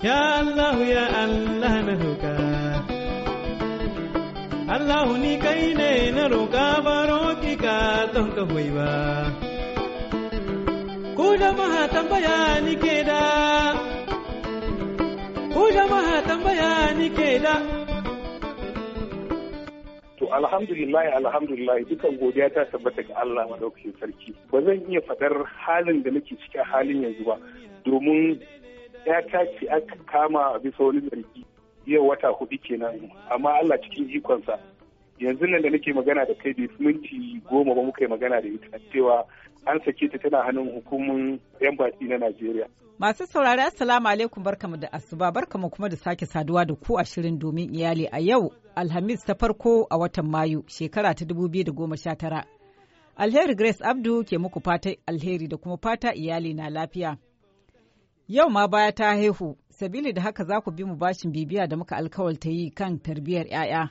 Ya Allah ya Allah na roƙa Allah ni kai ne na roƙa baro ki ka don ka hoyi ba Ku jama'a tambaya ni ke da Ku jama'a tambaya ni ke da To alhamdulillahi alhamdulillah dukan godiya ta tabbata ga Allah madaukakin sarki ba zan iya faɗar halin da nake cikin halin yanzu ba domin ya tashi aka kama bisa wani zargi yau wata hudu kenan amma Allah cikin ikonsa yanzu nan da nake magana da kai bai minti goma ba muka yi magana da ita cewa an sake ta tana hannun hukumin yan baki na Najeriya. Masu saurari assalamu alaikum barkamu da asuba barkamu kuma da sake saduwa da ku a shirin domin iyali a yau Alhamis ta farko a watan Mayu shekara ta 2019. Alheri Grace Abdu ke muku fata alheri da kuma fata iyali na lafiya. Yau ma baya ta haihu, sabili da haka za ku bi mu bashin bibiya da muka alkawalta yi kan tarbiyyar 'ya'ya.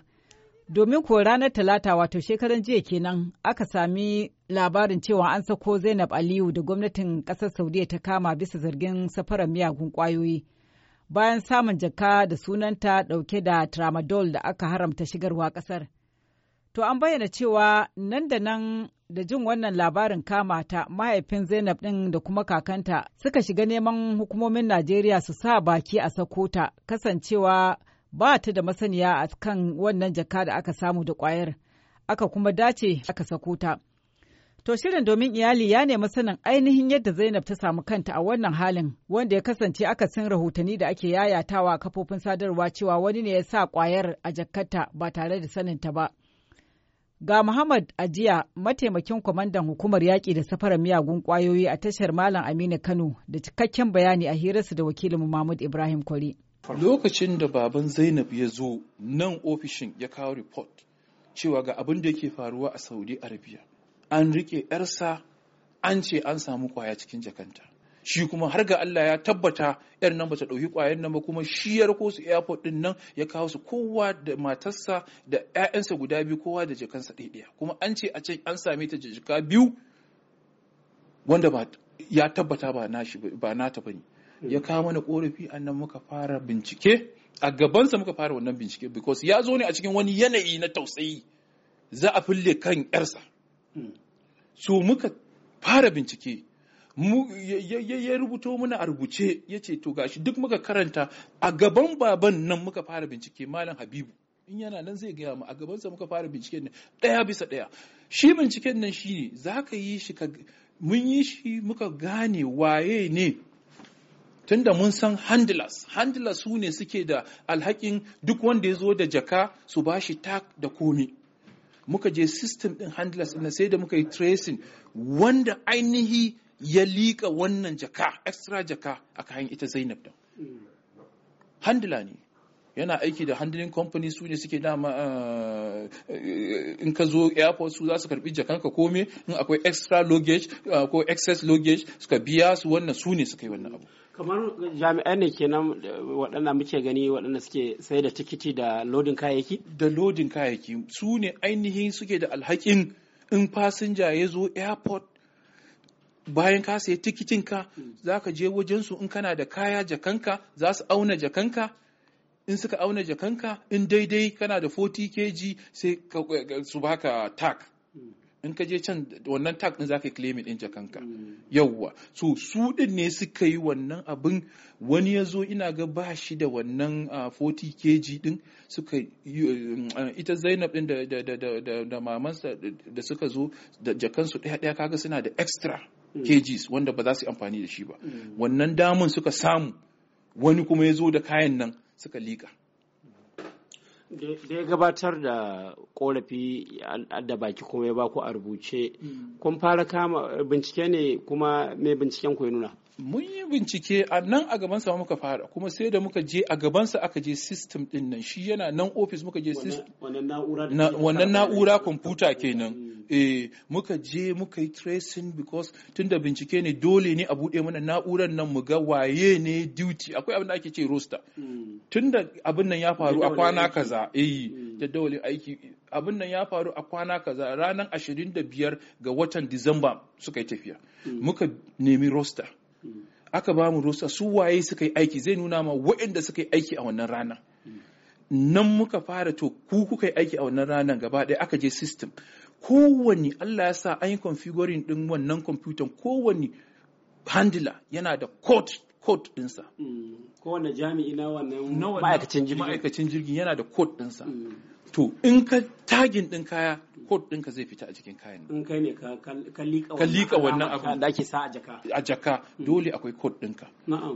Domin ko ranar Talata wato shekaran jiya kenan aka sami labarin cewa an sako Zainab Aliyu da gwamnatin ƙasar Saudiya ta kama bisa zargin safarar miyagun kwayoyi Bayan samun jaka da sunanta ɗauke da tramadol da aka haramta shigarwa ƙasar. To an bayyana cewa nan da nan da jin wannan labarin kama ta mahaifin Zainab ɗin da kuma kakanta suka shiga neman hukumomin Najeriya su sa baki a sakota kasancewa ba ta da masaniya a kan wannan jaka da aka samu da ƙwayar aka kuma dace aka sakota. ta. To shirin domin iyali ya nemi sanin ainihin yadda Zainab ta samu kanta a wannan halin wanda ya kasance aka akasin rahotanni da ake yayatawa kafofin sadarwa cewa wani ne ya sa kwayar a jakarta ba tare da saninta ba. Ga Muhammad Ajiya mataimakin kwamandan hukumar yaƙi da safarar miyagun ƙwayoyi a tashar Malam Aminu Kano da cikakken bayani a hirarsa da wakilin Mahmud Ibrahim Kwari. Lokacin da baban Zainab ya zo nan ofishin ya kawo report cewa ga abin da yake faruwa a Saudi Arabia. An riƙe 'yarsa an ce an samu ƙwaya cikin jakanta. shi kuma har ga Allah ya tabbata yar nan bata ɗauki ƙwayar nan ba kuma shi ya rako su airport din nan ya kawo su kowa da matarsa da 'ya'yansa guda biyu kowa da jikansa ɗaya kuma an ce a ce an same ta jika biyu wanda ba ya tabbata ba nashi ba nata bane ya hmm. kawo mana korafi annan muka fara bincike a gabansa muka fara wannan bincike because ya zo ne a cikin wani yanayi na tausayi za a fille kan ƴarsa. Hmm. so muka fara bincike ya rubuto mana a rubuce ya ce to gashi duk muka karanta a gaban baban nan muka fara bincike malam habibu in yana nan zai gaya mu a gabansa muka fara binciken nan ɗaya bisa ɗaya shi binciken nan shi ne za ka yi shi mun yi shi muka gane waye ne tunda mun san handlers handlers su ne suke da alhakin duk wanda ya zo da jaka su ba shi tak da komi muka je system din handlers ina sai da muka yi tracing wanda ainihi ya liƙa wannan jaka extra jaka a kayan ita zainab da handila ne yana aiki da handling company su ne suke dama ah, eh, in ka zo airport su za su karbi jakanka kome in akwai extra luggage ah, ko excess luggage suka biya su wannan su ne suka yi wannan abu kamar jami'ai ne kenan waɗanda muke gani waɗanda suke sai da tikiti da lodin kayayyaki da lodin kayayyaki su ne ainihin suke da alhakin in fasinja ya zo airport bayan ka sayi tikitin ka hmm. za ka je wajensu in kana da kaya jakanka za su auna jakanka in suka auna jakanka in daidai kana da 40 kg sai su baka tak hmm. in ka je can wannan tag din yi claim din jakanka hmm. yawwa so su din ne suka yi wannan abin wani ya zo ina ga ba shi da wannan 40 kg din suka um, ita Zainab din da mamansa da suka zo da jakansu ɗaya daya kaga suna da extra kgs mm. wanda ba za su yi amfani da shi ba mm. wannan damun suka samu wani kuma ya zo da kayan nan suka liƙa da ya gabatar da korafi da baki kuma ya ku a rubuce mm. kun fara kama bincike ne kuma mai binciken ku ya nuna mun yi bincike a nan a gabansa muka fara kuma sai da muka je a gabansa aka je system din nan shi yana nan office muka je wannan na'ura kwamfuta kenan eh muka je muka yi tracing because tun da bincike ne dole ne a buɗe mana na'urar nan mu ga waye ne duty akwai abin da ake ce roster hmm. da abin nan ya faru a kwana kaza eh hmm. jaddawali aiki abin nan ya faru a kwana kaza ranar 25 ga watan Disamba suka yi tafiya hmm. muka nemi roster aka ba mu roster su waye suka yi aiki zai nuna ma waɗanda suka yi aiki a wannan rana nan muka fara to ku kuka yi aiki a wannan ranar gaba ɗaya aka je system kowani Allah ya sa an yi configuring din wannan kwamfutan kowani handler yana da code code dinsa hmm, kowane jami'i na wannan ma'aikacin jirgin yana da code ɗinsa. Hmm. to in ka tagin din kaya kod ɗinka zai fita a jikin kayan in kai ne ka liƙa wannan abin da ake sa a jaka a jaka mm. dole akwai kod ɗinka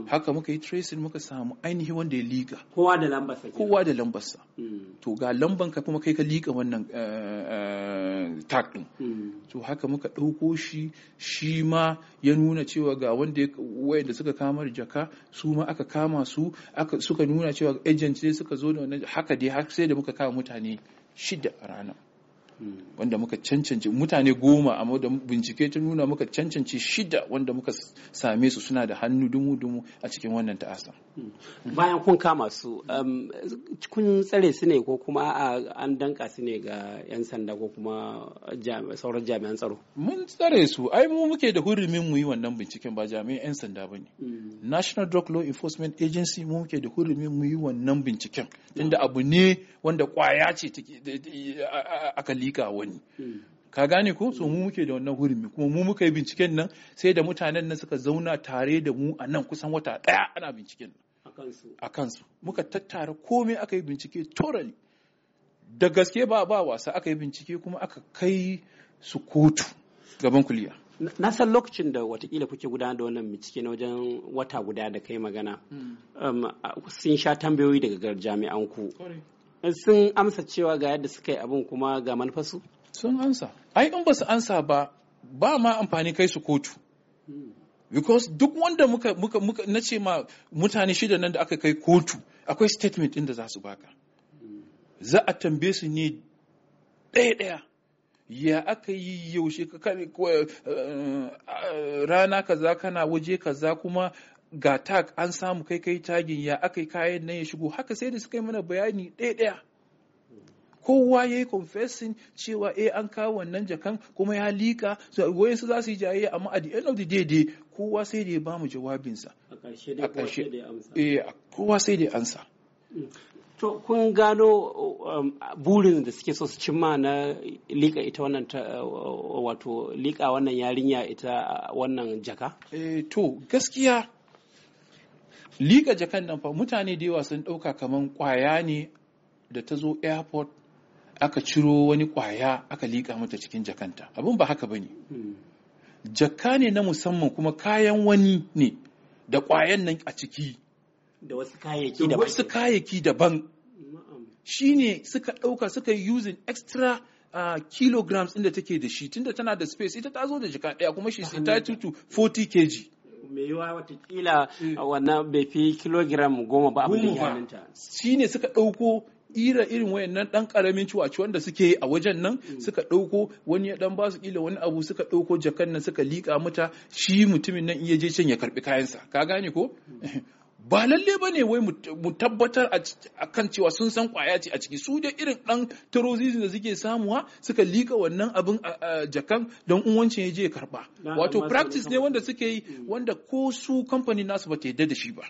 haka muka yi tracing muka samu ainihi wanda ya liƙa kowa da sa kowa da sa mm. to ga lamban ka kuma kai ka liƙa wannan eh, eh, tag ɗin mm. to haka muka ɗauko shi shi ma ya nuna cewa ga wanda wayanda suka kama jaka su ma aka kama su suka nuna cewa agent ne suka zo da wannan haka dai har sai da muka kama mutane shida a rana wanda muka cancanci mutane goma amma da bincike ta nuna muka cancanci shida wanda muka same su suna da hannu dumu-dumu a cikin wannan ta'asa. bayan kun kama su kun tsare su ne ko kuma an danka su ne ga 'yan sanda ko kuma sauran jami'an tsaro mun tsare su ai mu muke da hurumin mu yi wannan binciken ba jami'an 'yan sanda ba ne national drug law enforcement agency mu muke da hurumin mu yi wannan binciken tunda abu ne wanda kwaya ce akali liƙa wani hmm. ka gane ko so mu muke da wannan hurumi kuma mu muka yi binciken nan sai da mutanen nan suka zauna tare da mu a nan kusan wata ɗaya ana binciken nan a kansu muka tattara komai aka yi bincike torali da gaske ba ba wasa aka yi bincike kuma aka kai su kotu gaban kuliya na san lokacin da watakila kuke gudanar da wannan bincike na wajen wata guda da kai magana hmm. um, sun sha tambayoyi daga jami'an ku sun amsa cewa ga yadda suka yi abin kuma ga manufarsu? sun amsa, ai in ba su amsa ba ba ma amfani kai su kotu because duk wanda muka muka muka na ce ma mutane shida nan da aka kai kotu akwai statement inda da za su baka za a tambaye su ne ɗaya ɗaya ya aka yi yaushe ka eh, eh, rana kaza kana waje kaza kuma ga tag an samu kai kai tagin ya aka yi kayan nan ya shigo haka sai da suka yi mana bayani ɗaya-ɗaya kowa ya yi confessing cewa eh an kawo wannan jakan kuma ya lika wayan su za su yi jayayya amma a the end of the day dai kowa sai da ya ba mu jawabinsa a ƙarshe eh kowa sai da ansa mm. to kun gano um, burin da suke so su cimma na lika ita wannan uh, wato lika wannan yarinya ita uh, wannan jaka eh to gaskiya liƙa jakan nan fa mutane da yawa sun ɗauka kamar ƙwaya ne da ta zo airport aka ciro wani ƙwaya aka liƙa mata cikin jakanta abin ba haka ba ne jaka ne na musamman kuma kayan wani ne da ƙwayan nan a ciki da wasu kayayyaki daban shi ne suka ɗauka suka yi using extra uh, kilograms inda take da shi tunda tana da space ita ta zo da jaka ɗaya kuma shi ta tutu 40 kg mai yiwa watakila eh. wannan bai fi kilogiram goma ba abin da ya shi ne suka ɗauko ira irin wayannan dan karamin ciwaci da suke a wajen nan mm. suka dauko wani ya dan ba su kila wani abu suka ɗauko jakan nan suka lika mata shi mutumin nan iya je can ya karbi kayansa ka gane ko mm. ba lalle ba ne wai mu tabbatar a kan cewa sun san kwaya ce a ciki su da irin ɗan tarozizin da suke samuwa suka lika wannan abin a jakan don uwancin ya je karɓa wato practice ne wanda suke yi mm. wanda ko su kamfani nasu ba ta yadda da shi ba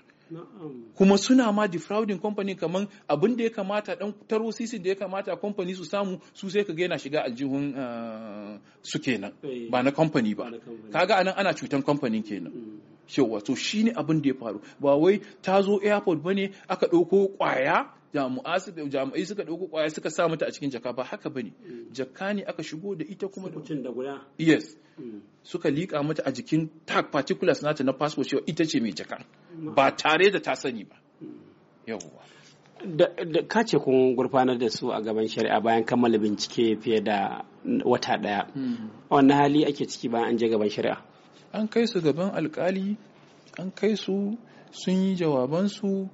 kuma suna ma defrauding company kaman abin da ya kamata dan taro sisin da ya kamata company su samu su sai kaga yana shiga aljihun ah, su kenan eh. ba na company ba kaga anan ana cutan company kenan mm. yawa to shine abin da ya faru ba wai ta zo airport bane aka ɗauko kwaya jami'ai suka jami'ai suka dauko kwaya suka sa mata a cikin jaka ba haka bane mm. jaka ne aka shigo da ita kuma da da guda yes mm. suka lika mata a jikin tag particulars nata na passport cewa ita ce mai jaka mm. ba tare da ta sani ba yawwa da ka ce kun gurfanar da su a gaban shari'a bayan kammala bincike fiye da wata daya wannan hali ake ciki bayan an je gaban shari'a an kai su gaban alkali an kai su sun yi jawabansu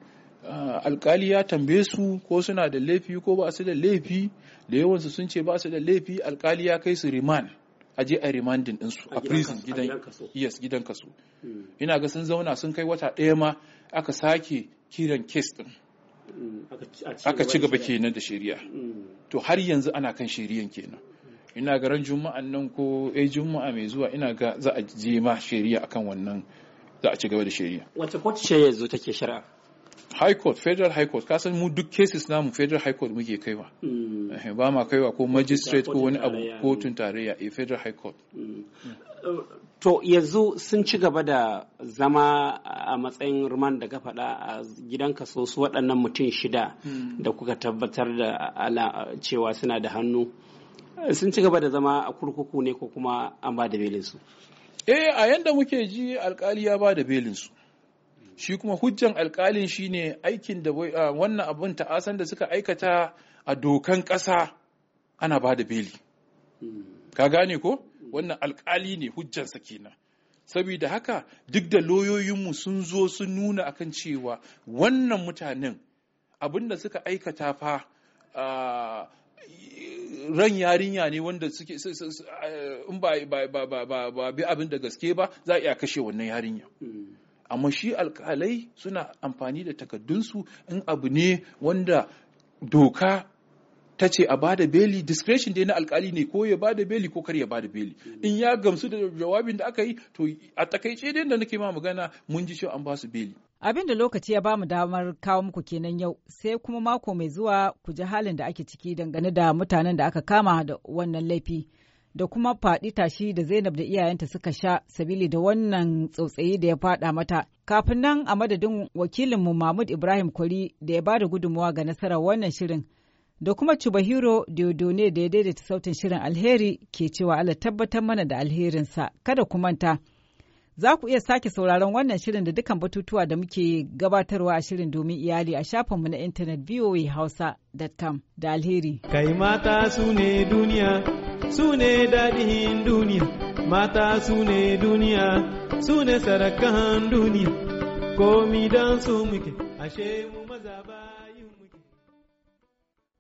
Ah, alkali ya tambaye su ko suna da laifi ko ba su da laifi da yawansu sun ce ba su da laifi alkali ya kai su riman a je a remandin ɗinsu a prison gidan yes gidan kaso hmm. ina ga sun zauna sun kai wata ɗaya ma aka sake kiran kes ɗin hmm, aka ci gaba kenan da shari'a hmm. to har yanzu ana kan shari'an kenan ina ga ran juma'an nan ko ai eh, juma'a mai zuwa ina ga za a je ma shari'a akan wannan za a ci gaba da shari'a wace kotu ce yanzu take shari'a high court federal high court kasan mu duk cases namu federal high court muke kaiwa mm. ba ma kaiwa ko magistrate ko wani abu kotun tarayya a eh, federal high court mm. to yanzu sun ci gaba da zama a matsayin ruman da ka faɗa a gidan so su waɗannan mutum shida mm. da kuka tabbatar da cewa suna da hannu sun ci gaba da zama a kurkuku ne ko kuma an ba da belinsu eh a yanda muke ji alkali ya ba da belinsu shi kuma hujjan alkalin shine aikin da ah, wannan abin ta'asan da suka aikata a dokan ƙasa ana ba da beli hmm. ka gane ko wannan alkali ne hujjansa kenan saboda haka duk da loyoyinmu sun zo sun nuna kan cewa wannan mutanen abin da suka aikata fa ah, ran yarinya ne wanda suke ah, in ba bi abin da gaske ba za a iya kashe wannan yarinya hmm. amma shi alkalai suna amfani da takaddunsu in abu ne wanda doka ta ce a bada beli discretion dai na alkali ne ko ya bada beli ko kar ya bada beli in ya gamsu da jawabin da aka yi to a takaice dai da nake ma magana mun ji cewa an ba su beli abin da lokaci ya ba mu damar kawo muku kenan yau sai kuma mako mai zuwa ku ji halin da ake ciki dangane da mutanen da aka kama da wannan laifi da kuma faɗi tashi da Zainab da iyayenta suka sha sabili da wannan tsautsayi da ya faɗa mata. Kafin nan a madadin wakilinmu Mahmud Ibrahim Kwari da ya bada gudunmawa ga nasarar wannan shirin da kuma Chubahiro Diodone da ya daidaita sautin shirin alheri ke cewa Allah tabbatar mana da alherinsa kada ku manta. Za ku iya sake sauraron wannan shirin da dukkan batutuwa da muke gabatarwa a shirin domin iyali a shafinmu na intanet voahausa.com da alheri. Kai mata su ne duniya su ne daɗin duniya mata su duniya su ne sarakan duniya komi don su muke ashe mu maza ba